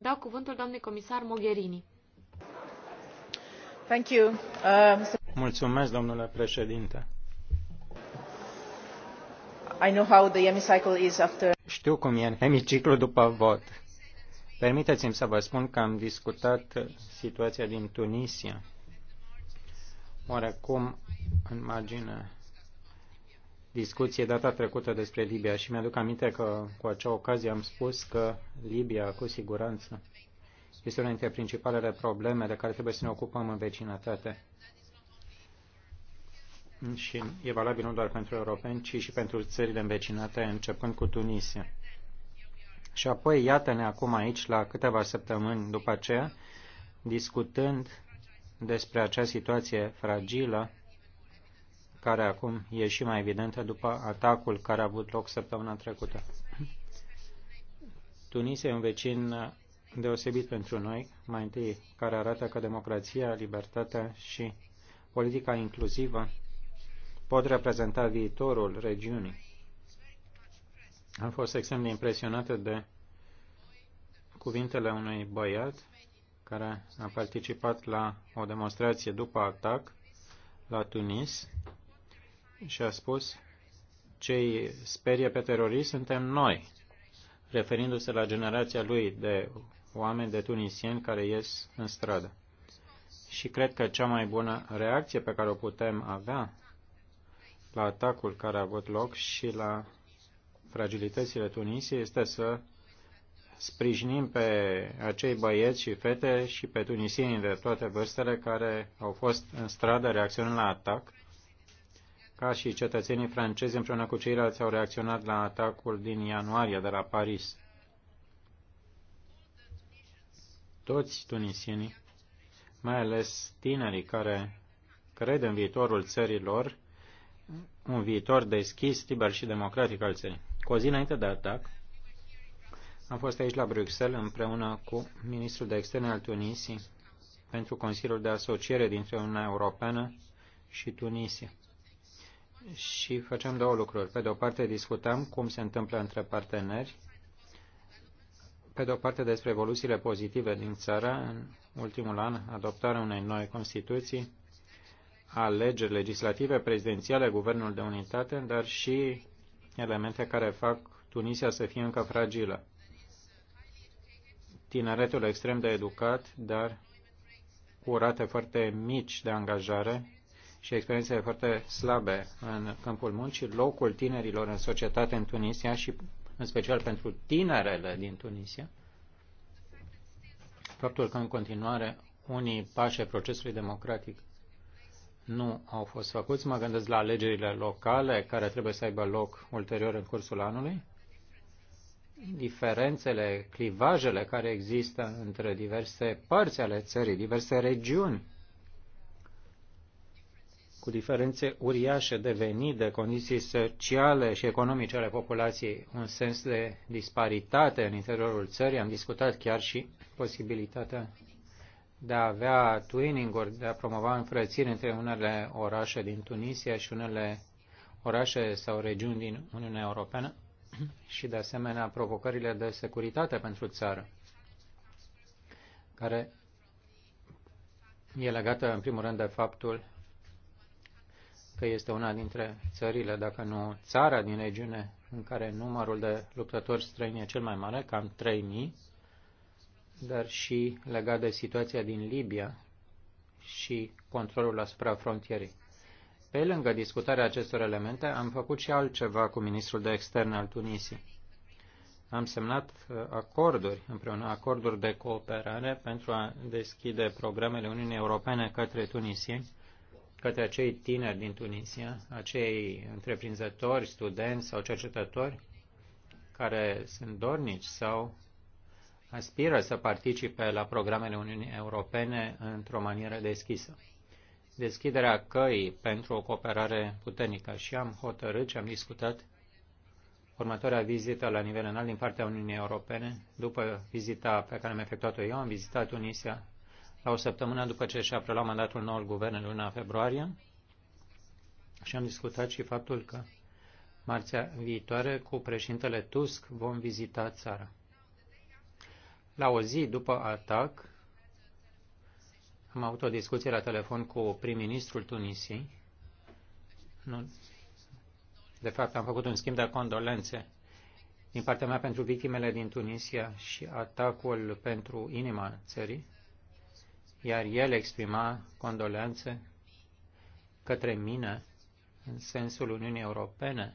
Dau cuvântul doamnei comisar Mogherini. Thank you. Uh, Mulțumesc, domnule președinte. I know how the hemicycle is after... Știu cum e Hemiciclu după vot. Permiteți-mi să vă spun că am discutat situația din Tunisia, oarecum în imagine? discuție data trecută despre Libia și mi-aduc aminte că cu acea ocazie am spus că Libia, cu siguranță, este una dintre principalele probleme de care trebuie să ne ocupăm în vecinătate. Și e valabil nu doar pentru europeni, ci și pentru țările învecinate, începând cu Tunisia. Și apoi, iată-ne acum aici, la câteva săptămâni după aceea, discutând despre acea situație fragilă care acum e și mai evidentă după atacul care a avut loc săptămâna trecută. Tunisia e un vecin deosebit pentru noi, mai întâi care arată că democrația, libertatea și politica inclusivă pot reprezenta viitorul regiunii. Am fost extrem de impresionată de cuvintele unui băiat care a participat la o demonstrație după atac la Tunis și a spus cei sperie pe teroriști suntem noi, referindu-se la generația lui de oameni de tunisieni care ies în stradă. Și cred că cea mai bună reacție pe care o putem avea la atacul care a avut loc și la fragilitățile Tunisiei este să sprijinim pe acei băieți și fete și pe tunisienii de toate vârstele care au fost în stradă reacționând la atac ca și cetățenii francezi împreună cu ceilalți au reacționat la atacul din ianuarie de la Paris. Toți tunisienii, mai ales tinerii care cred în viitorul țărilor, un viitor deschis, liber și democratic al țării. Cu o zi înainte de atac, am fost aici la Bruxelles împreună cu ministrul de externe al Tunisiei pentru Consiliul de Asociere dintre Uniunea Europeană și Tunisia și făceam două lucruri. Pe de o parte discutam cum se întâmplă între parteneri, pe de o parte despre evoluțiile pozitive din țară în ultimul an, adoptarea unei noi constituții, alegeri legislative, prezidențiale, guvernul de unitate, dar și elemente care fac Tunisia să fie încă fragilă. Tineretul extrem de educat, dar cu rate foarte mici de angajare, și experiențe foarte slabe în câmpul muncii, locul tinerilor în societate în Tunisia și în special pentru tinerele din Tunisia, faptul că în continuare unii pași ai procesului democratic nu au fost făcuți. Mă gândesc la alegerile locale care trebuie să aibă loc ulterior în cursul anului. Diferențele, clivajele care există între diverse părți ale țării, diverse regiuni cu diferențe uriașe de venit, de condiții sociale și economice ale populației, un sens de disparitate în interiorul țării. Am discutat chiar și posibilitatea de a avea twinning-uri, de a promova înfrățiri între unele orașe din Tunisia și unele orașe sau regiuni din Uniunea Europeană și, de asemenea, provocările de securitate pentru țară, care e legată, în primul rând, de faptul că este una dintre țările, dacă nu țara din regiune, în care numărul de luptători străini e cel mai mare, cam 3.000, dar și legat de situația din Libia și controlul asupra frontierei. Pe lângă discutarea acestor elemente, am făcut și altceva cu ministrul de externe al Tunisiei. Am semnat uh, acorduri, împreună acorduri de cooperare pentru a deschide programele Uniunii Europene către tunisieni către acei tineri din Tunisia, acei întreprinzători, studenți sau cercetători care sunt dornici sau aspiră să participe la programele Uniunii Europene într-o manieră deschisă. Deschiderea căii pentru o cooperare puternică și am hotărât și am discutat următoarea vizită la nivel înalt din partea Uniunii Europene. După vizita pe care am efectuat-o eu, am vizitat Tunisia la o săptămână după ce și-a preluat mandatul noul guvern în luna februarie și am discutat și faptul că marțea viitoare cu președintele Tusk vom vizita țara. La o zi după atac, am avut o discuție la telefon cu prim-ministrul Tunisiei. Nu, de fapt, am făcut un schimb de condolențe din partea mea pentru victimele din Tunisia și atacul pentru inima țării iar el exprima condolențe către mine în sensul Uniunii Europene,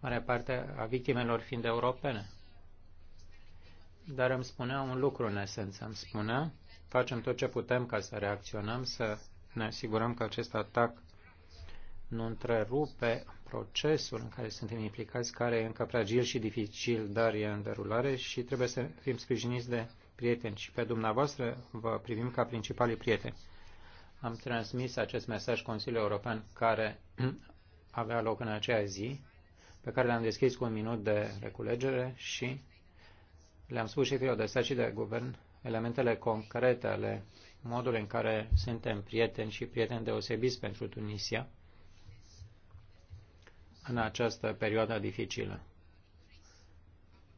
mare parte a victimelor fiind europene. Dar îmi spunea un lucru în esență. Îmi spunea, facem tot ce putem ca să reacționăm, să ne asigurăm că acest atac nu întrerupe procesul în care suntem implicați, care e încă fragil și dificil, dar e în derulare și trebuie să fim sprijiniți de prieteni și pe dumneavoastră vă privim ca principalii prieteni. Am transmis acest mesaj Consiliului European care avea loc în aceea zi, pe care le-am deschis cu un minut de reculegere și le-am spus șefilor de stat și de guvern elementele concrete ale modului în care suntem prieteni și prieteni deosebiți pentru Tunisia în această perioadă dificilă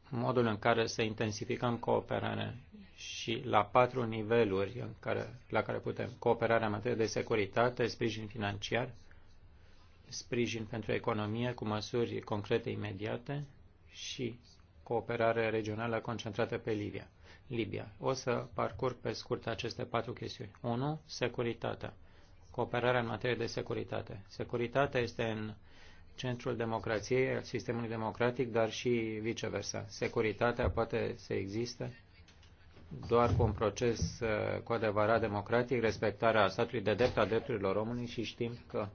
modul în care să intensificăm cooperarea și la patru niveluri în care, la care putem. Cooperarea în materie de securitate, sprijin financiar, sprijin pentru economie cu măsuri concrete imediate și cooperare regională concentrată pe Libia. Libia. O să parcurg pe scurt aceste patru chestiuni. 1. Securitatea. Cooperarea în materie de securitate. Securitatea este în centrul democrației, al sistemului democratic, dar și viceversa. Securitatea poate să existe doar cu un proces uh, cu adevărat democratic, respectarea statului de drept a drepturilor omului și știm că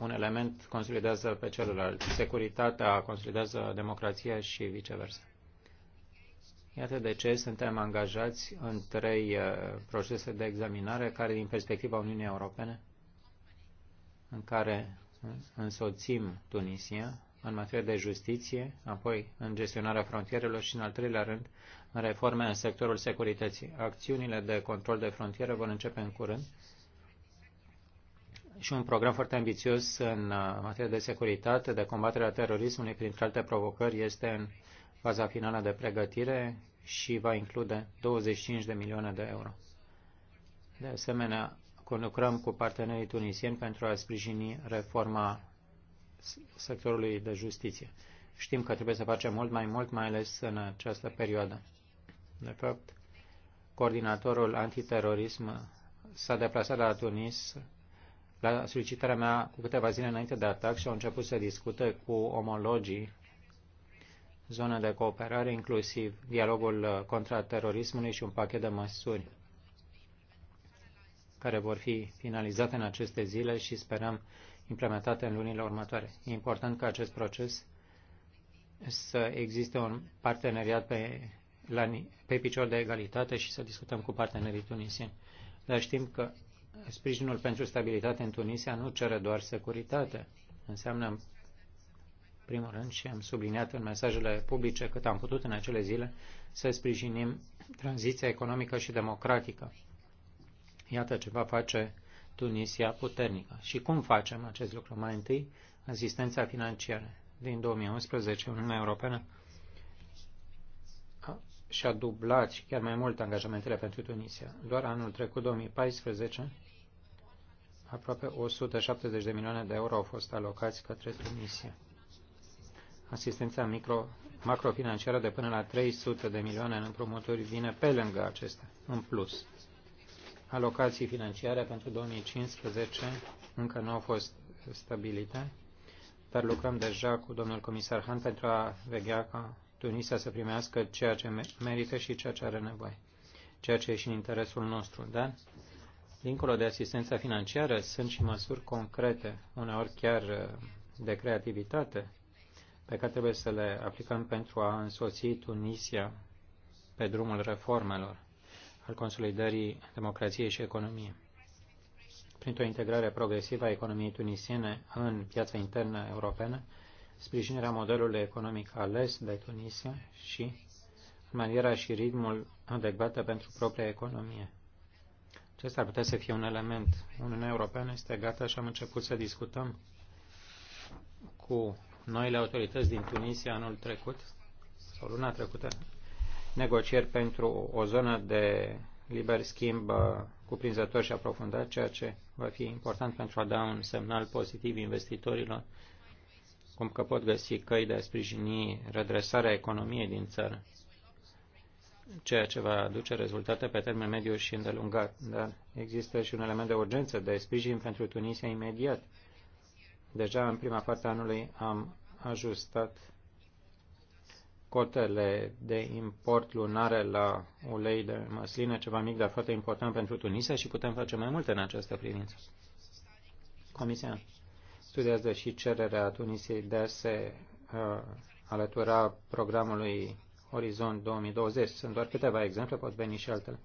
un element consolidează pe celălalt. Securitatea consolidează democrația și viceversa. Iată de ce suntem angajați în trei uh, procese de examinare care, din perspectiva Uniunii Europene, în care însoțim Tunisia, în materie de justiție, apoi în gestionarea frontierelor și, în al treilea rând, în reforme în sectorul securității. Acțiunile de control de frontieră vor începe în curând și un program foarte ambițios în uh, materie de securitate, de combatere a terorismului, printre alte provocări, este în faza finală de pregătire și va include 25 de milioane de euro. De asemenea, conlucrăm cu partenerii tunisieni pentru a sprijini reforma sectorului de justiție. Știm că trebuie să facem mult mai mult, mai ales în această perioadă. De fapt, coordinatorul antiterorism s-a deplasat la Tunis la solicitarea mea cu câteva zile înainte de atac și au început să discute cu omologii zone de cooperare, inclusiv dialogul contra terorismului și un pachet de măsuri care vor fi finalizate în aceste zile și sperăm implementate în lunile următoare. E important ca acest proces să existe un parteneriat pe, la, pe picior de egalitate și să discutăm cu partenerii tunisieni. Dar știm că sprijinul pentru stabilitate în Tunisia nu cere doar securitate. Înseamnă, în primul rând, și am subliniat în mesajele publice cât am putut în acele zile, să sprijinim tranziția economică și democratică. Iată ce va face Tunisia puternică. Și cum facem acest lucru? Mai întâi, asistența financiară. Din 2011, Uniunea Europeană și-a dublat și chiar mai mult angajamentele pentru Tunisia. Doar anul trecut, 2014, aproape 170 de milioane de euro au fost alocați către Tunisia. Asistența micro, macrofinanciară de până la 300 de milioane în împrumuturi vine pe lângă acestea, în plus alocații financiare pentru 2015 încă nu au fost stabilite, dar lucrăm deja cu domnul comisar Han pentru a veghea ca Tunisia să primească ceea ce merită și ceea ce are nevoie, ceea ce e și în interesul nostru. Dar, dincolo de asistența financiară, sunt și măsuri concrete, uneori chiar uh, de creativitate, pe care trebuie să le aplicăm pentru a însoți Tunisia pe drumul reformelor al consolidării democrației și economiei. Printr-o integrare progresivă a economiei tunisiene în piața internă europeană, sprijinirea modelului economic ales de Tunisia și maniera și ritmul adecvată pentru propria economie. Acesta ar putea să fie un element. Uniunea Europeană este gata și am început să discutăm cu noile autorități din Tunisia anul trecut sau luna trecută negocieri pentru o zonă de liber schimb uh, cuprinzător și aprofundat, ceea ce va fi important pentru a da un semnal pozitiv investitorilor, cum că pot găsi căi de a sprijini redresarea economiei din țară, ceea ce va aduce rezultate pe termen mediu și îndelungat. Dar există și un element de urgență, de sprijin pentru Tunisia imediat. Deja în prima parte a anului am ajustat cotele de import lunare la ulei de măsline, ceva mic, dar foarte important pentru Tunisia și putem face mai multe în această privință. Comisia studiază și cererea Tunisiei de a se uh, alătura programului Orizont 2020. Sunt doar câteva exemple, pot veni și altele,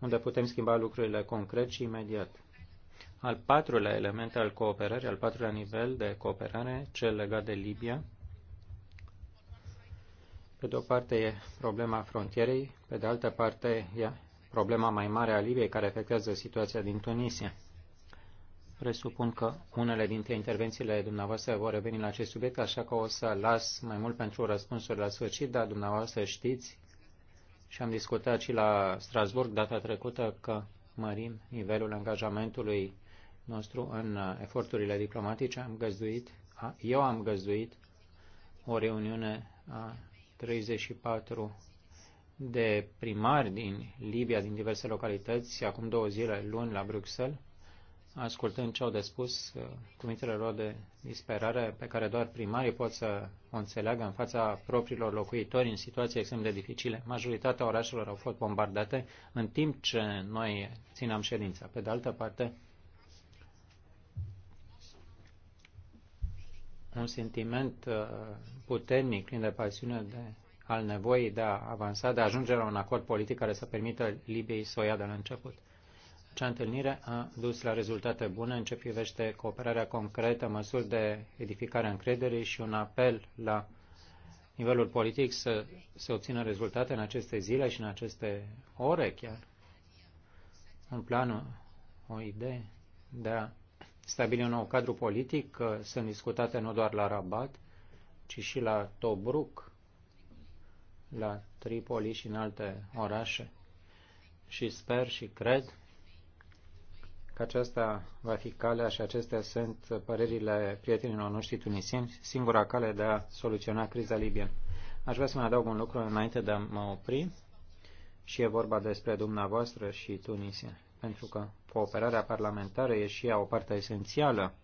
unde putem schimba lucrurile concret și imediat. Al patrulea element al cooperării, al patrulea nivel de cooperare, cel legat de Libia, pe de o parte e problema frontierei, pe de altă parte e problema mai mare a Libiei care afectează situația din Tunisia. Presupun că unele dintre intervențiile dumneavoastră vor reveni la acest subiect, așa că o să las mai mult pentru răspunsuri la sfârșit, dar dumneavoastră știți și am discutat și la Strasburg data trecută că mărim nivelul angajamentului nostru în eforturile diplomatice. Am găzduit, eu am găzduit o reuniune a 34 de primari din Libia, din diverse localități, acum două zile, luni, la Bruxelles, ascultând ce au de spus, uh, cuvintele lor de disperare pe care doar primarii pot să o înțeleagă în fața propriilor locuitori în situații extrem de dificile. Majoritatea orașelor au fost bombardate în timp ce noi ținam ședința. Pe de altă parte, un sentiment uh, puternic, plin de pasiune de, al nevoii de a avansa, de a ajunge la un acord politic care să permită Libiei să o ia de la început. Acea întâlnire a dus la rezultate bune în ce privește cooperarea concretă, măsuri de edificare a încrederii și un apel la nivelul politic să se obțină rezultate în aceste zile și în aceste ore chiar. Un plan, o idee de a stabili un nou cadru politic, sunt discutate nu doar la Rabat, ci și la Tobruk, la Tripoli și în alte orașe. Și sper și cred că aceasta va fi calea și acestea sunt părerile prietenilor noștri tunisieni, singura cale de a soluționa criza libiană. Aș vrea să mai adaug un lucru înainte de a mă opri și e vorba despre dumneavoastră și Tunisia pentru că cooperarea parlamentară e și ea o parte esențială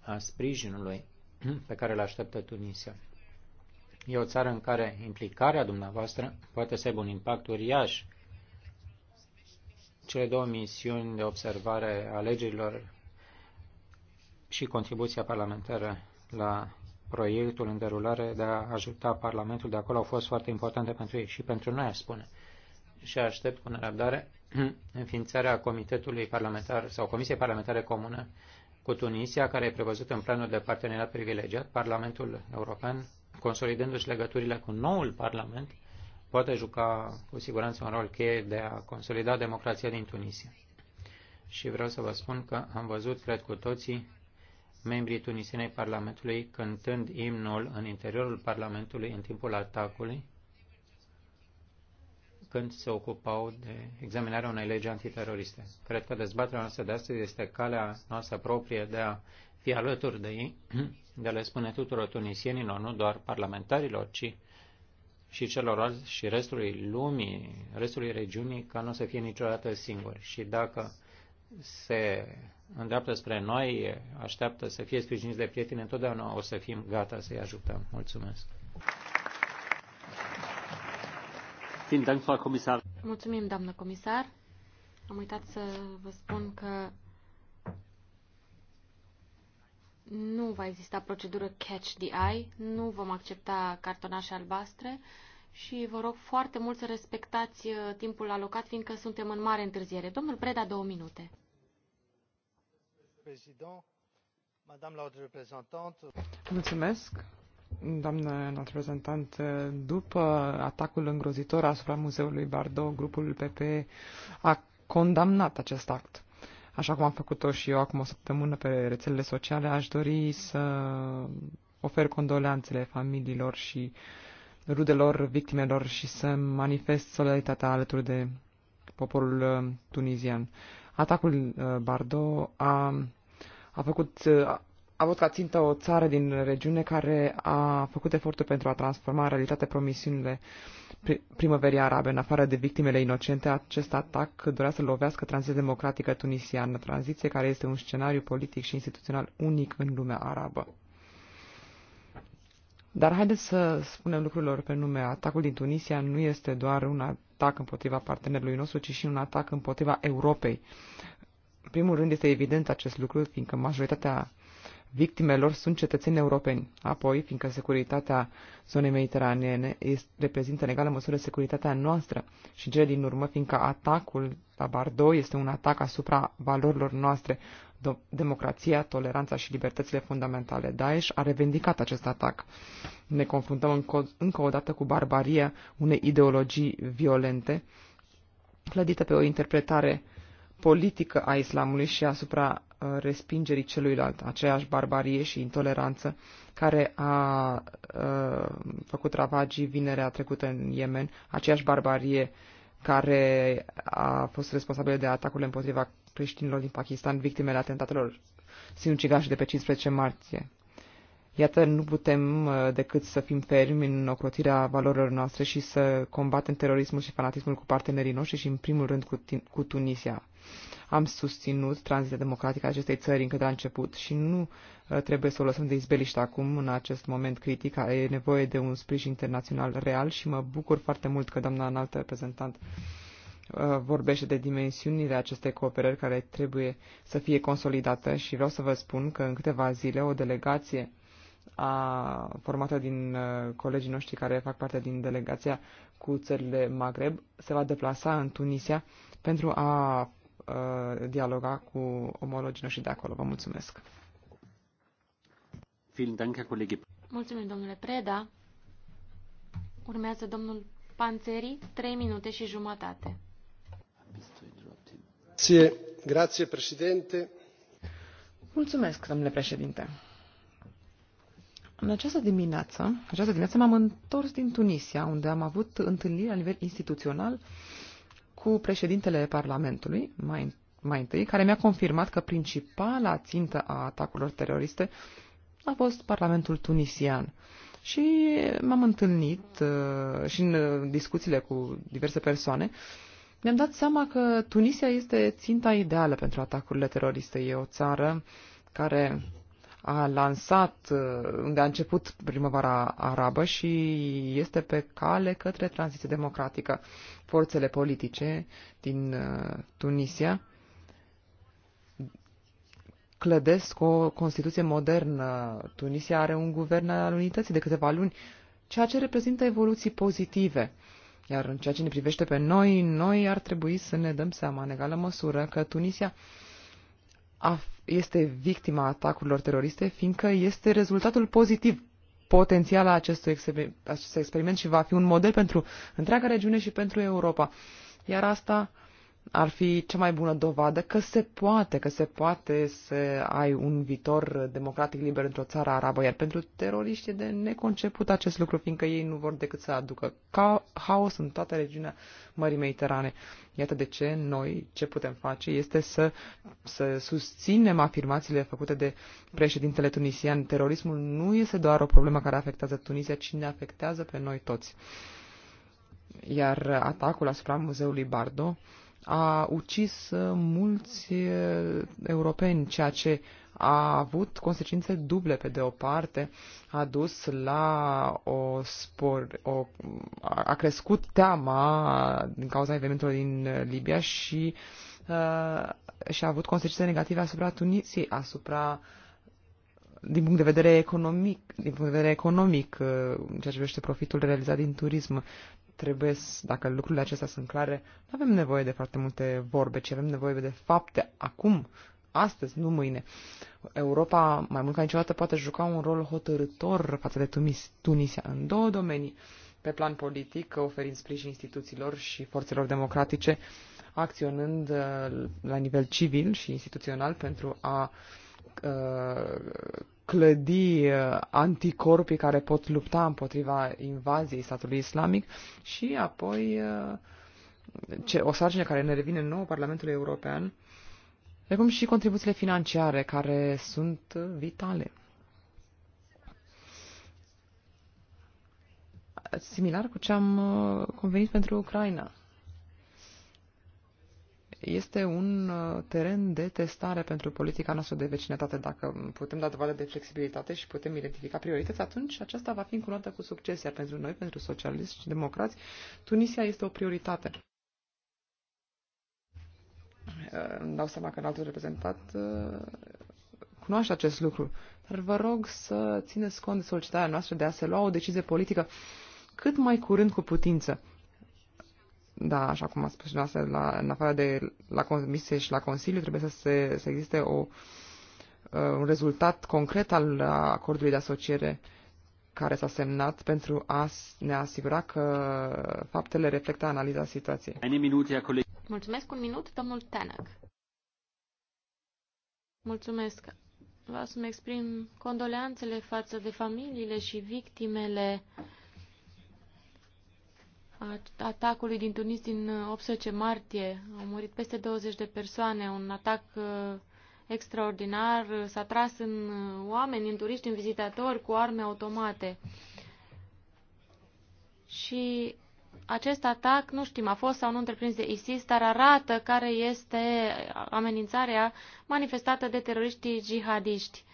a sprijinului pe care îl așteaptă Tunisia. E o țară în care implicarea dumneavoastră poate să aibă un impact uriaș. Cele două misiuni de observare a alegerilor și contribuția parlamentară la proiectul în derulare de a ajuta Parlamentul de acolo au fost foarte importante pentru ei și pentru noi, aș spune și aștept cu nerăbdare înființarea Comitetului Parlamentar sau Comisiei Parlamentare Comună cu Tunisia, care e prevăzut în planul de parteneriat privilegiat, Parlamentul European, consolidându-și legăturile cu noul Parlament, poate juca cu siguranță un rol cheie de a consolida democrația din Tunisia. Și vreau să vă spun că am văzut, cred cu toții, membrii tunisienei Parlamentului cântând imnul în interiorul Parlamentului în timpul atacului când se ocupau de examinarea unei legi antiteroriste. Cred că dezbaterea noastră de astăzi este calea noastră proprie de a fi alături de ei, de a le spune tuturor tunisienilor, nu doar parlamentarilor, ci și celorlalți și restului lumii, restului regiunii, ca nu să fie niciodată singuri. Și dacă se îndreaptă spre noi, așteaptă să fie sprijiniți de prieteni, întotdeauna o să fim gata să-i ajutăm. Mulțumesc! Mulțumim, doamnă comisar. Am uitat să vă spun că nu va exista procedură catch the eye, nu vom accepta cartonașe albastre și vă rog foarte mult să respectați uh, timpul alocat, fiindcă suntem în mare întârziere. Domnul Preda, două minute. Mulțumesc. Doamnă reprezentant, după atacul îngrozitor asupra muzeului Bardo, grupul PP a condamnat acest act. Așa cum am făcut-o și eu acum o săptămână pe rețelele sociale, aș dori să ofer condoleanțele familiilor și rudelor, victimelor și să manifest solidaritatea alături de poporul uh, tunizian. Atacul uh, Bardo a, a făcut, uh, avut ca țintă o țară din regiune care a făcut eforturi pentru a transforma în realitate promisiunile primăverii arabe. În afară de victimele inocente, acest atac dorea să lovească tranziția democratică tunisiană, tranziție care este un scenariu politic și instituțional unic în lumea arabă. Dar haideți să spunem lucrurilor pe nume. Atacul din Tunisia nu este doar un atac împotriva partenerului nostru, ci și un atac împotriva Europei. În primul rând este evident acest lucru, fiindcă majoritatea victimelor sunt cetățeni europeni. Apoi, fiindcă securitatea zonei mediteraneene reprezintă în egală măsură securitatea noastră și cele din urmă, fiindcă atacul la Bardo este un atac asupra valorilor noastre, democrația, toleranța și libertățile fundamentale. Daesh a revendicat acest atac. Ne confruntăm încă o dată cu barbaria unei ideologii violente, clădită pe o interpretare politică a islamului și asupra respingerii celuilalt, aceeași barbarie și intoleranță care a, a făcut ravagii vinerea trecută în Yemen, aceeași barbarie care a fost responsabilă de atacurile împotriva creștinilor din Pakistan, victimele atentatelor sinucigași de pe 15 martie. Iată, nu putem uh, decât să fim fermi în ocrotirea valorilor noastre și să combatem terorismul și fanatismul cu partenerii noștri și, în primul rând, cu, cu Tunisia am susținut tranziția democratică a acestei țări încă de la început și nu uh, trebuie să o lăsăm de izbeliște acum, în acest moment critic. E nevoie de un sprijin internațional real și mă bucur foarte mult că doamna înaltă reprezentant uh, vorbește de dimensiunile acestei cooperări care trebuie să fie consolidată și vreau să vă spun că în câteva zile o delegație a, formată din uh, colegii noștri care fac parte din delegația cu țările Maghreb se va deplasa în Tunisia pentru a Uh, dialoga cu omologii noștri de acolo. Vă mulțumesc! Mulțumim, domnule Preda. Urmează domnul Panțeri, 3 minute și jumătate. Grazie, grazie, președinte. Mulțumesc, domnule președinte. În această dimineață, această dimineață m-am întors din Tunisia, unde am avut întâlniri la nivel instituțional cu președintele Parlamentului, mai, mai întâi, care mi-a confirmat că principala țintă a atacurilor teroriste a fost Parlamentul tunisian. Și m-am întâlnit uh, și în uh, discuțiile cu diverse persoane, mi-am dat seama că Tunisia este ținta ideală pentru atacurile teroriste. E o țară care a lansat, uh, a început primăvara arabă și este pe cale către tranziție democratică. Forțele politice din uh, Tunisia clădesc o Constituție modernă. Tunisia are un guvern al unității de câteva luni, ceea ce reprezintă evoluții pozitive. Iar în ceea ce ne privește pe noi, noi ar trebui să ne dăm seama, în egală măsură, că Tunisia este victima atacurilor teroriste, fiindcă este rezultatul pozitiv potențial a acestui, acestui experiment și va fi un model pentru întreaga regiune și pentru Europa. Iar asta ar fi cea mai bună dovadă că se poate, că se poate să ai un viitor democratic liber într-o țară arabă, iar pentru teroriști e de neconceput acest lucru, fiindcă ei nu vor decât să aducă ca haos în toată regiunea Mării Mediterane. Iată de ce noi ce putem face este să, să susținem afirmațiile făcute de președintele tunisian. Terorismul nu este doar o problemă care afectează Tunisia, ci ne afectează pe noi toți. Iar atacul asupra muzeului Bardo a ucis uh, mulți uh, europeni, ceea ce a avut consecințe duble. Pe de o parte, a dus la o spor, o, a crescut teama din cauza evenimentelor din uh, Libia și, uh, și a avut consecințe negative asupra Tunisiei, asupra din punct de vedere economic, din punct de vedere economic, ceea ce privește profitul realizat din turism, trebuie, dacă lucrurile acestea sunt clare, nu avem nevoie de foarte multe vorbe, ci avem nevoie de fapte acum, astăzi, nu mâine. Europa, mai mult ca niciodată, poate juca un rol hotărător față de Tunis, Tunisia în două domenii. Pe plan politic, oferind sprijin instituțiilor și forțelor democratice, acționând uh, la nivel civil și instituțional pentru a uh, clădi uh, anticorpii care pot lupta împotriva invaziei statului islamic și apoi uh, ce, o sarcină care ne revine nouă Parlamentului European, precum și contribuțiile financiare care sunt vitale. Similar cu ce am uh, convenit pentru Ucraina este un uh, teren de testare pentru politica noastră de vecinătate. Dacă putem da dovadă de flexibilitate și putem identifica priorități, atunci aceasta va fi încurată cu succes, iar pentru noi, pentru socialiști și democrați, Tunisia este o prioritate. Uh, îmi dau seama că în altul reprezentat uh, cunoaște acest lucru, dar vă rog să țineți cont de solicitarea noastră de a se lua o decizie politică cât mai curând cu putință da, așa cum a spus și noastră, la, în afară de la Comisie și la Consiliu, trebuie să, se, să existe o, uh, un rezultat concret al acordului de asociere care s-a semnat pentru a ne asigura că faptele reflectă analiza situației. Mulțumesc un minut, domnul Tanak. Mulțumesc. Vreau să-mi exprim condoleanțele față de familiile și victimele atacului din Tunis din 18 uh, martie. Au murit peste 20 de persoane, un atac uh, extraordinar. S-a tras în uh, oameni, în turiști, în vizitatori cu arme automate. Și acest atac, nu știm, a fost sau nu întreprins de ISIS, dar arată care este amenințarea manifestată de teroriștii jihadiști.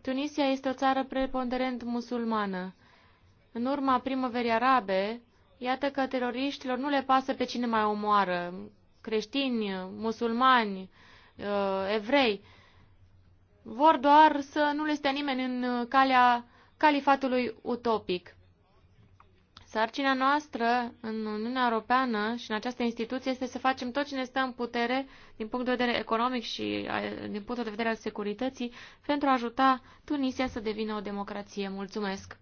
Tunisia este o țară preponderent musulmană. În urma primăverii arabe, Iată că teroriștilor nu le pasă pe cine mai omoară, creștini, musulmani, uh, evrei. Vor doar să nu le stea nimeni în calea califatului utopic. Sarcina noastră în Uniunea Europeană și în această instituție este să facem tot ce ne stă în putere din punct de vedere economic și din punct de vedere al securității pentru a ajuta Tunisia să devină o democrație. Mulțumesc!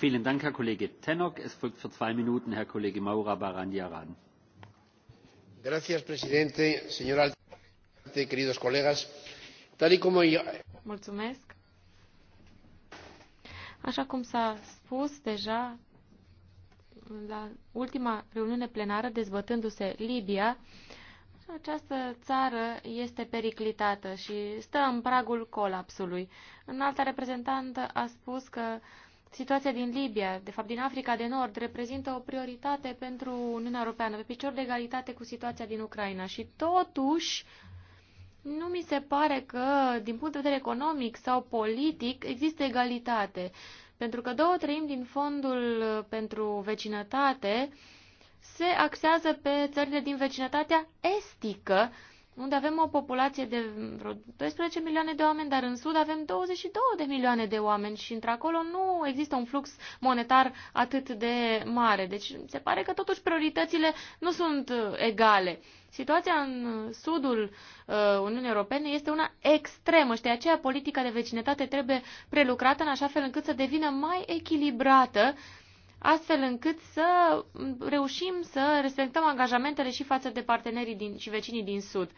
Vielen Dank, Herr Kollege Tenok. queridos colegas, tal y como... Mulțumesc. Așa cum s-a spus deja la ultima reuniune plenară, dezbătându-se Libia, această țară este periclitată și stă în pragul colapsului. Înalta reprezentantă a spus că Situația din Libia, de fapt din Africa de Nord, reprezintă o prioritate pentru Uniunea Europeană, pe picior de egalitate cu situația din Ucraina. Și totuși, nu mi se pare că, din punct de vedere economic sau politic, există egalitate. Pentru că două treimi din fondul pentru vecinătate se axează pe țările din vecinătatea estică, unde avem o populație de vreo 12 milioane de oameni, dar în Sud avem 22 de milioane de oameni și într-acolo nu există un flux monetar atât de mare. Deci se pare că totuși prioritățile nu sunt uh, egale. Situația în sudul uh, Uniunii Europene este una extremă și de aceea politica de vecinătate trebuie prelucrată în așa fel încât să devină mai echilibrată uh, astfel încât să reușim să respectăm angajamentele și față de partenerii din, și vecinii din Sud.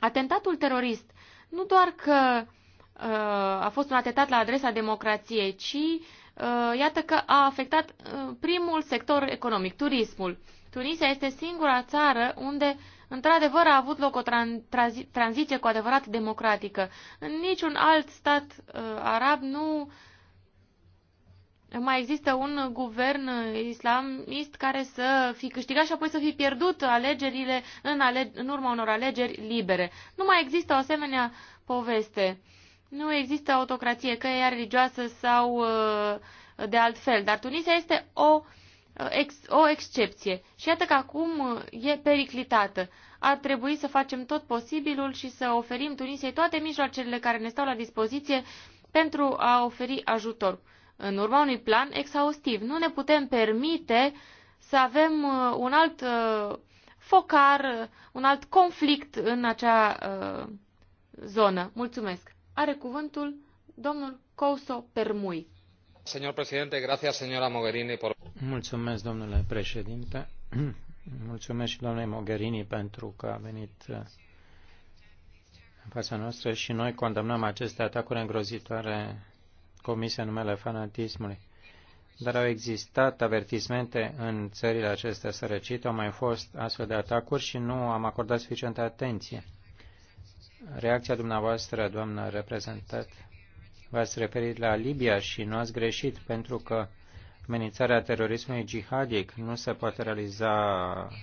Atentatul terorist nu doar că uh, a fost un atentat la adresa democrației, ci uh, iată că a afectat uh, primul sector economic, turismul. Tunisia este singura țară unde într-adevăr a avut loc o tran- tranzi- tranziție cu adevărat democratică. În niciun alt stat uh, arab nu uh, mai există un guvern islamist care să fi câștigat și apoi să fi pierdut alegerile în, ale- în urma unor alegeri libere. Nu mai există o asemenea poveste. Nu există autocrație, că ea religioasă sau uh, de altfel, dar Tunisia este o, uh, ex, o excepție. Și iată că acum uh, e periclitată. Ar trebui să facem tot posibilul și să oferim Tunisiei toate mijloacele care ne stau la dispoziție pentru a oferi ajutor în urma unui plan exhaustiv. Nu ne putem permite să avem uh, un alt uh, focar, uh, un alt conflict în acea zonă. Mulțumesc. Are cuvântul domnul Couso Permui. Señor presidente, gracias señora Mogherini por... Mulțumesc, domnule președinte. Mulțumesc și doamnei Mogherini pentru că a venit în fața noastră și noi condamnăm aceste atacuri îngrozitoare comise în numele fanatismului. Dar au existat avertismente în țările acestea sărăcite, au mai fost astfel de atacuri și nu am acordat suficientă atenție. Reacția dumneavoastră, doamnă reprezentat, v-ați referit la Libia și nu ați greșit, pentru că amenințarea terorismului jihadic nu se poate realiza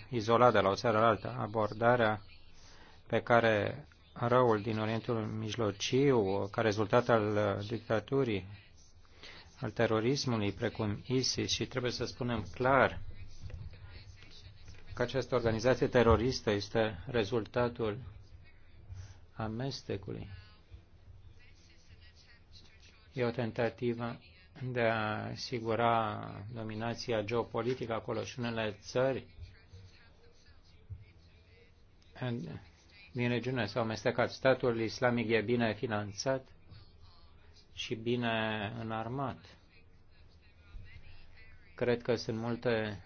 izolat de la o țară la alta. Abordarea pe care răul din Orientul Mijlociu, ca rezultat al dictaturii, al terorismului, precum ISIS, și trebuie să spunem clar că această organizație teroristă este rezultatul amestecului. E o tentativă de a asigura dominația geopolitică acolo și unele țări din regiune s-au amestecat. Statul islamic e bine finanțat și bine înarmat. Cred că sunt multe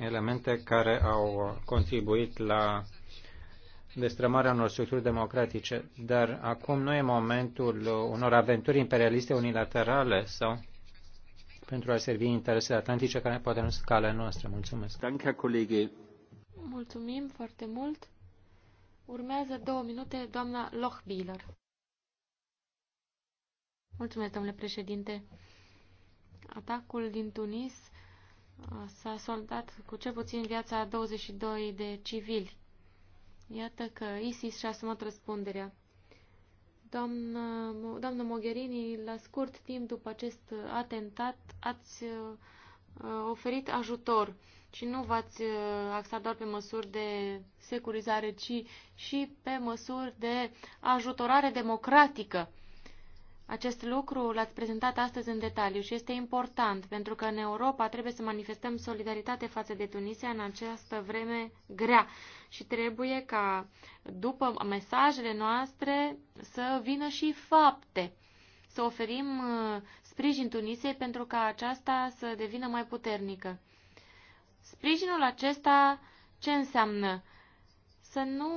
elemente care au contribuit la destrămarea unor structuri democratice. Dar acum nu e momentul unor aventuri imperialiste unilaterale sau pentru a servi interesele atlantice care poate nu sunt calea noastră. Mulțumesc. Danke, colegi. Mulțumim foarte mult. Urmează două minute doamna Lochbieler. Mulțumesc, domnule președinte. Atacul din Tunis uh, s-a soldat cu cel puțin viața a 22 de civili. Iată că ISIS și-a asumat răspunderea. Doamnă, doamnă Mogherini, la scurt timp după acest atentat ați uh, uh, oferit ajutor și nu v-ați uh, axat doar pe măsuri de securizare, ci și pe măsuri de ajutorare democratică acest lucru l-ați prezentat astăzi în detaliu și este important, pentru că în Europa trebuie să manifestăm solidaritate față de Tunisia în această vreme grea și trebuie ca, după mesajele noastre, să vină și fapte, să oferim uh, sprijin Tunisiei pentru ca aceasta să devină mai puternică. Sprijinul acesta ce înseamnă? să nu,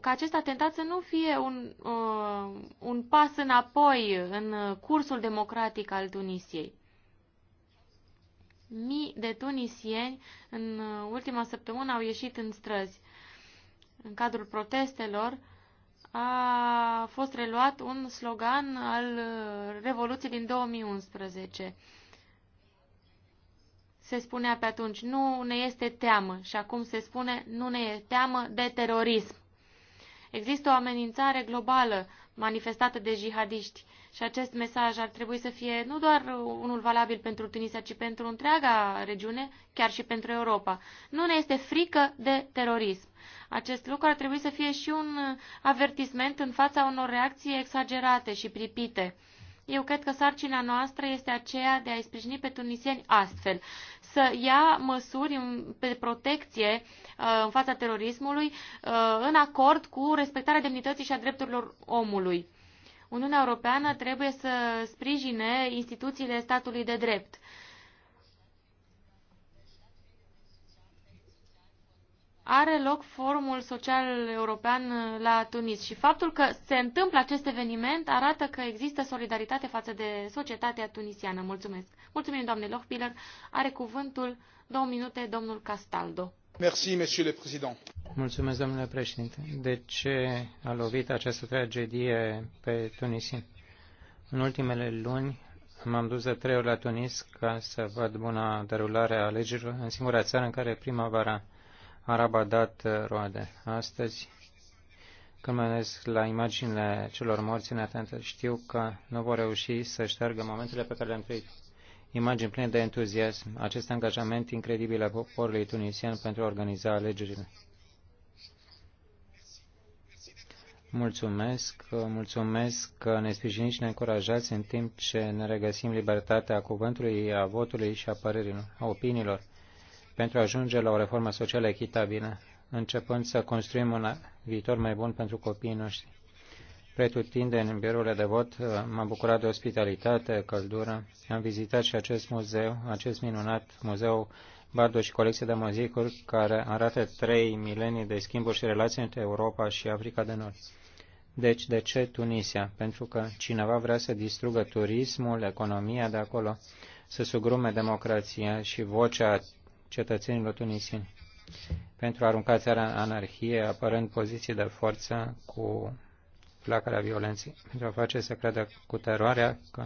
ca acest atentat să nu fie un, uh, un pas înapoi în cursul democratic al Tunisiei. Mii de tunisieni în ultima săptămână au ieșit în străzi. În cadrul protestelor a fost reluat un slogan al Revoluției din 2011 se spunea pe atunci, nu ne este teamă și acum se spune, nu ne este teamă de terorism. Există o amenințare globală manifestată de jihadiști și acest mesaj ar trebui să fie nu doar unul valabil pentru Tunisia, ci pentru întreaga regiune, chiar și pentru Europa. Nu ne este frică de terorism. Acest lucru ar trebui să fie și un avertisment în fața unor reacții exagerate și pripite eu cred că sarcina noastră este aceea de a-i sprijini pe tunisieni astfel, să ia măsuri pe protecție uh, în fața terorismului uh, în acord cu respectarea demnității și a drepturilor omului. Uniunea Europeană trebuie să sprijine instituțiile statului de drept are loc forumul social european uh, la Tunis și faptul că se întâmplă acest eveniment arată că există solidaritate față de societatea tunisiană. Mulțumesc. Mulțumim, doamne Lochbiller. Are cuvântul două minute domnul Castaldo. Merci, monsieur le président. Mulțumesc, domnule președinte. De ce a lovit această tragedie pe Tunisia? În ultimele luni m-am dus de trei ori la Tunis ca să văd buna derulare a alegerilor în singura țară în care primăvara arab a dat eh, roade. Astăzi, când mă la imaginile celor morți în Atentă, știu că nu vor reuși să șteargă momentele pe care le-am trăit. Imagini pline de entuziasm, acest angajament incredibil al poporului tunisian pentru a organiza alegerile. Mulțumesc, mulțumesc că ne sprijiniți și ne încurajați în timp ce ne regăsim libertatea cuvântului, a votului și a părerilor, a opiniilor pentru a ajunge la o reformă socială echitabilă, începând să construim un viitor mai bun pentru copiii noștri. Pretutindeni în birourile de vot, uh, m-am bucurat de ospitalitate, căldură. Am vizitat și acest muzeu, acest minunat muzeu Bardo și colecție de muzicuri care arată trei milenii de schimburi și relații între Europa și Africa de Nord. Deci, de ce Tunisia? Pentru că cineva vrea să distrugă turismul, economia de acolo, să sugrume democrația și vocea cetățenilor tunisieni pentru a arunca țara în anarhie, apărând poziții de forță cu placarea violenței, pentru a face să creadă cu teroarea că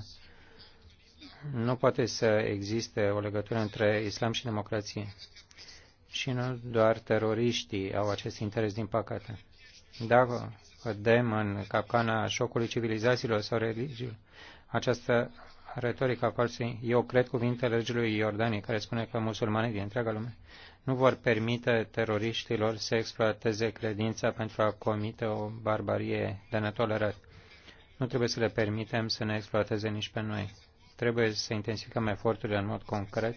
nu poate să existe o legătură între islam și democrație. Și nu doar teroriștii au acest interes, din păcate. Dacă cădem în capcana șocului civilizațiilor sau religiilor, această retorica falsă. Eu cred cuvintele regelui Iordanie, care spune că musulmanii din întreaga lume nu vor permite teroriștilor să exploateze credința pentru a comite o barbarie de netolerat. Nu trebuie să le permitem să ne exploateze nici pe noi. Trebuie să intensificăm eforturile în mod concret,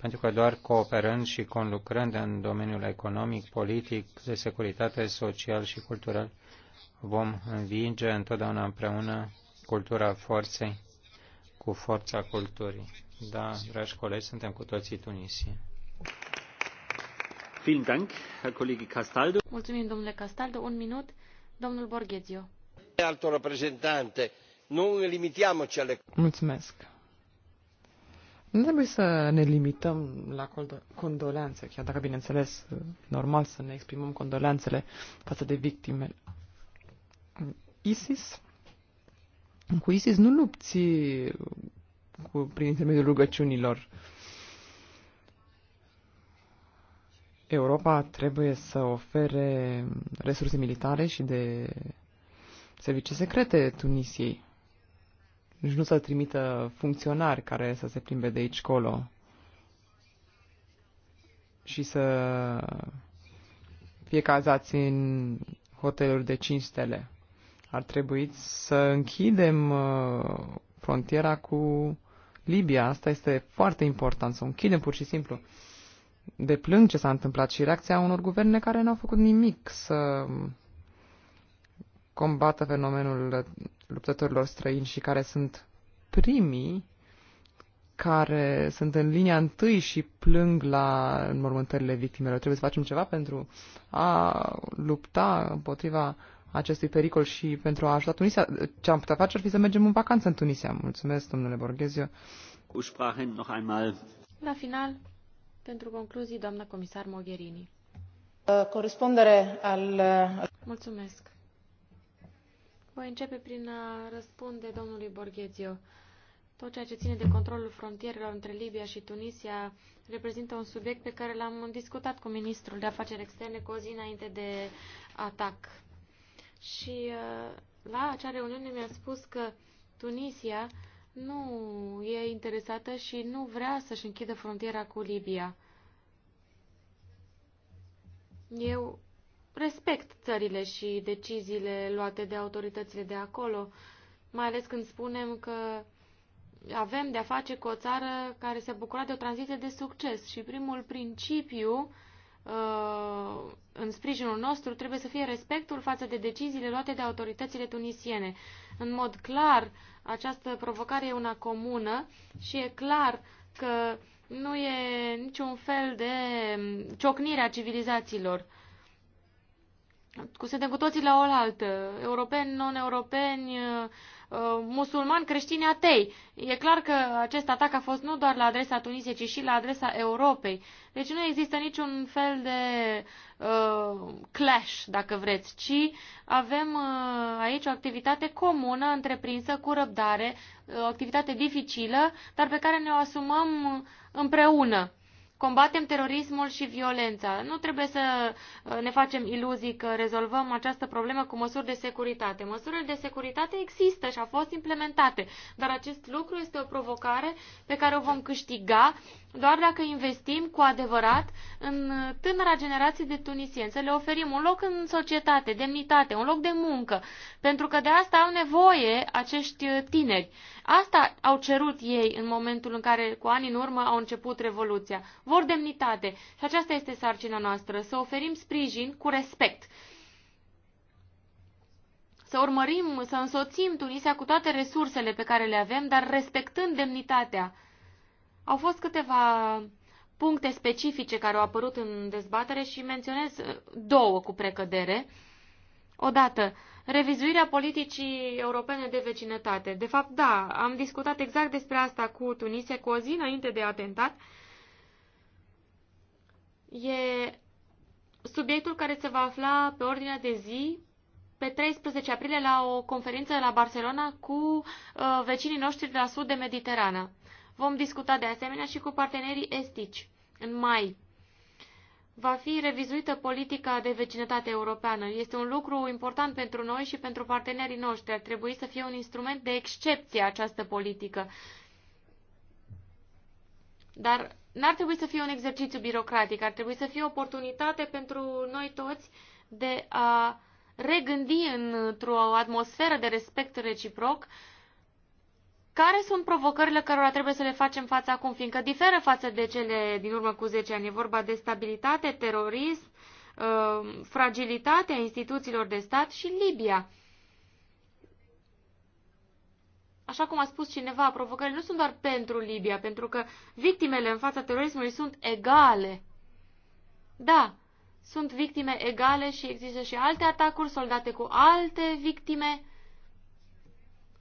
pentru că doar cooperând și conlucrând în domeniul economic, politic, de securitate, social și cultural, vom învinge întotdeauna împreună cultura forței cu forța culturii. Da, dragi colegi, suntem cu toții tunisieni. Mulțumim, domnule Castaldo. Un minut, domnul Borghezio. Alto reprezentante, nu limitiamoci ale... Mulțumesc. Nu trebuie să ne limităm la condolențe, chiar dacă, bineînțeles, normal să ne exprimăm condolențele față de victime. ISIS cu ISIS nu lupți uh, cu, prin intermediul rugăciunilor. Europa trebuie să ofere resurse militare și de servicii secrete Tunisiei. Nici nu să trimită funcționari care să se plimbe de aici colo și să fie cazați în hoteluri de 5 stele. Ar trebui să închidem uh, frontiera cu Libia. Asta este foarte important, să o închidem pur și simplu. Deplâng ce s-a întâmplat și reacția unor guverne care n-au făcut nimic să combată fenomenul luptătorilor străini și care sunt primii care sunt în linia întâi și plâng la înmormântările victimelor. Trebuie să facem ceva pentru a lupta împotriva acestui pericol și pentru a da ajuta Tunisia, ce am putea face ar fi să mergem în vacanță în Tunisia. Mulțumesc, domnule Borghezio. La final, pentru concluzii, doamna comisar Mogherini. Uh, corespondere al... Uh, Mulțumesc. Voi începe prin a răspunde domnului Borghezio. Tot ceea ce ține de controlul frontierelor între Libia și Tunisia reprezintă un subiect pe care l-am discutat cu ministrul de afaceri externe cu o zi înainte de atac și uh, la acea reuniune mi-a spus că Tunisia nu e interesată și nu vrea să-și închidă frontiera cu Libia. Eu respect țările și deciziile luate de autoritățile de acolo, mai ales când spunem că avem de-a face cu o țară care se bucura de o tranziție de succes și primul principiu uh, Uh, în sprijinul nostru trebuie să fie respectul față de deciziile luate de autoritățile tunisiene. În mod clar, această provocare e una comună și e clar că nu e niciun fel de ciocnire a civilizațiilor. suntem cu toții la oaltă, europeni, non-europeni, uh, Uh, musulmani, creștini, atei. E clar că acest atac a fost nu doar la adresa Tunisiei, ci și la adresa Europei. Deci nu există niciun fel de uh, clash, dacă vreți, ci avem uh, aici o activitate comună, întreprinsă cu răbdare, uh, o activitate dificilă, dar pe care ne o asumăm împreună combatem terorismul și violența. Nu trebuie să uh, ne facem iluzii că rezolvăm această problemă cu măsuri de securitate. Măsurile de securitate există și au fost implementate, dar acest lucru este o provocare pe care o vom câștiga doar dacă investim cu adevărat în tânăra generație de tunisieni, să le oferim un loc în societate, demnitate, un loc de muncă, pentru că de asta au nevoie acești tineri. Asta au cerut ei în momentul în care, cu ani în urmă, au început revoluția vor demnitate. Și aceasta este sarcina noastră, să oferim sprijin cu respect. Să urmărim, să însoțim Tunisia cu toate resursele pe care le avem, dar respectând demnitatea. Au fost câteva puncte specifice care au apărut în dezbatere și menționez uh, două cu precădere. Odată, revizuirea politicii europene de vecinătate. De fapt, da, am discutat exact despre asta cu Tunisia cu o zi înainte de atentat e subiectul care se va afla pe ordinea de zi pe 13 aprilie la o conferință la Barcelona cu uh, vecinii noștri de la sud de Mediterană. Vom discuta de asemenea și cu partenerii estici în mai. Va fi revizuită politica de vecinătate europeană. Este un lucru important pentru noi și pentru partenerii noștri. Ar trebui să fie un instrument de excepție această politică. Dar n-ar trebui să fie un exercițiu birocratic, ar trebui să fie o oportunitate pentru noi toți de a regândi într-o atmosferă de respect reciproc care sunt provocările cărora trebuie să le facem față acum, fiindcă diferă față de cele din urmă cu 10 ani. E vorba de stabilitate, terorism, uh, fragilitatea instituțiilor de stat și Libia. așa cum a spus cineva, provocările nu sunt doar pentru Libia, pentru că victimele în fața terorismului sunt egale. Da, sunt victime egale și există și alte atacuri soldate cu alte victime.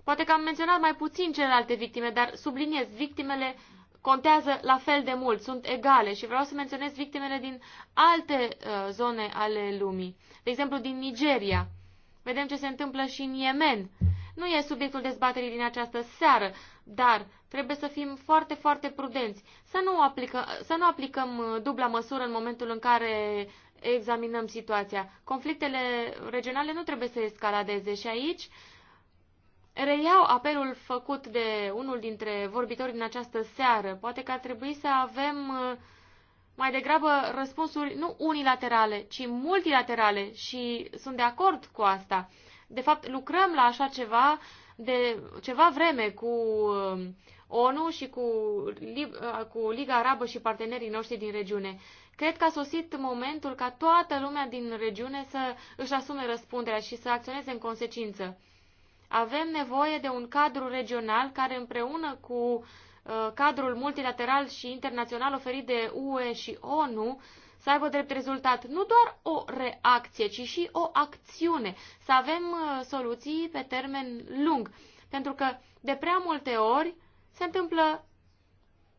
Poate că am menționat mai puțin celelalte victime, dar subliniez, victimele contează la fel de mult, sunt egale și vreau să menționez victimele din alte uh, zone ale lumii. De exemplu, din Nigeria. Vedem ce se întâmplă și în Yemen. Nu e subiectul dezbaterii din această seară, dar trebuie să fim foarte, foarte prudenți. Să nu, aplică, să nu aplicăm uh, dubla măsură în momentul în care examinăm situația. Conflictele regionale nu trebuie să escaladeze și aici reiau apelul făcut de unul dintre vorbitori din această seară. Poate că ar trebui să avem uh, mai degrabă răspunsuri nu unilaterale, ci multilaterale și sunt de acord cu asta. De fapt, lucrăm la așa ceva de ceva vreme cu um, ONU și cu, uh, cu Liga Arabă și partenerii noștri din regiune. Cred că a sosit momentul ca toată lumea din regiune să își asume răspunderea și să acționeze în consecință. Avem nevoie de un cadru regional care împreună cu uh, cadrul multilateral și internațional oferit de UE și ONU să aibă drept rezultat nu doar o reacție, ci și o acțiune, să avem uh, soluții pe termen lung. Pentru că de prea multe ori se întâmplă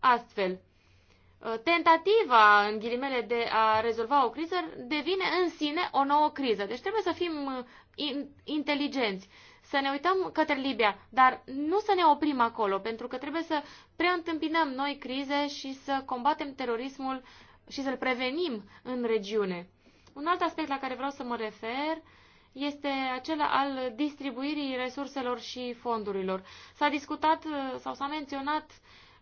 astfel. Uh, tentativa, în ghilimele, de a rezolva o criză devine în sine o nouă criză. Deci trebuie să fim uh, inteligenți să ne uităm către Libia, dar nu să ne oprim acolo, pentru că trebuie să preîntâmpinăm noi crize și să combatem terorismul și să-l prevenim în regiune. Un alt aspect la care vreau să mă refer este acela al distribuirii resurselor și fondurilor. S-a discutat uh, sau s-a menționat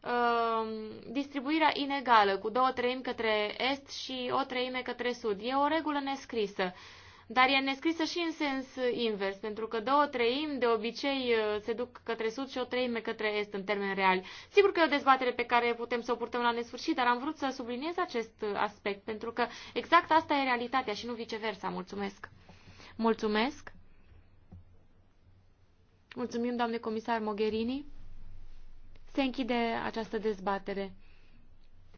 uh, distribuirea inegală, cu două treimi către est și o treime către sud. E o regulă nescrisă. Uh, dar e nescrisă și în sens invers, pentru că două treimi de obicei uh, se duc către sud și o treime către est în termeni reali. Sigur că e o dezbatere pe care putem să o purtăm la nesfârșit, dar am vrut să subliniez acest uh, aspect, pentru că exact asta e realitatea și nu viceversa. Mulțumesc! Mulțumesc! Mulțumim, doamne comisar Mogherini! Se închide această dezbatere.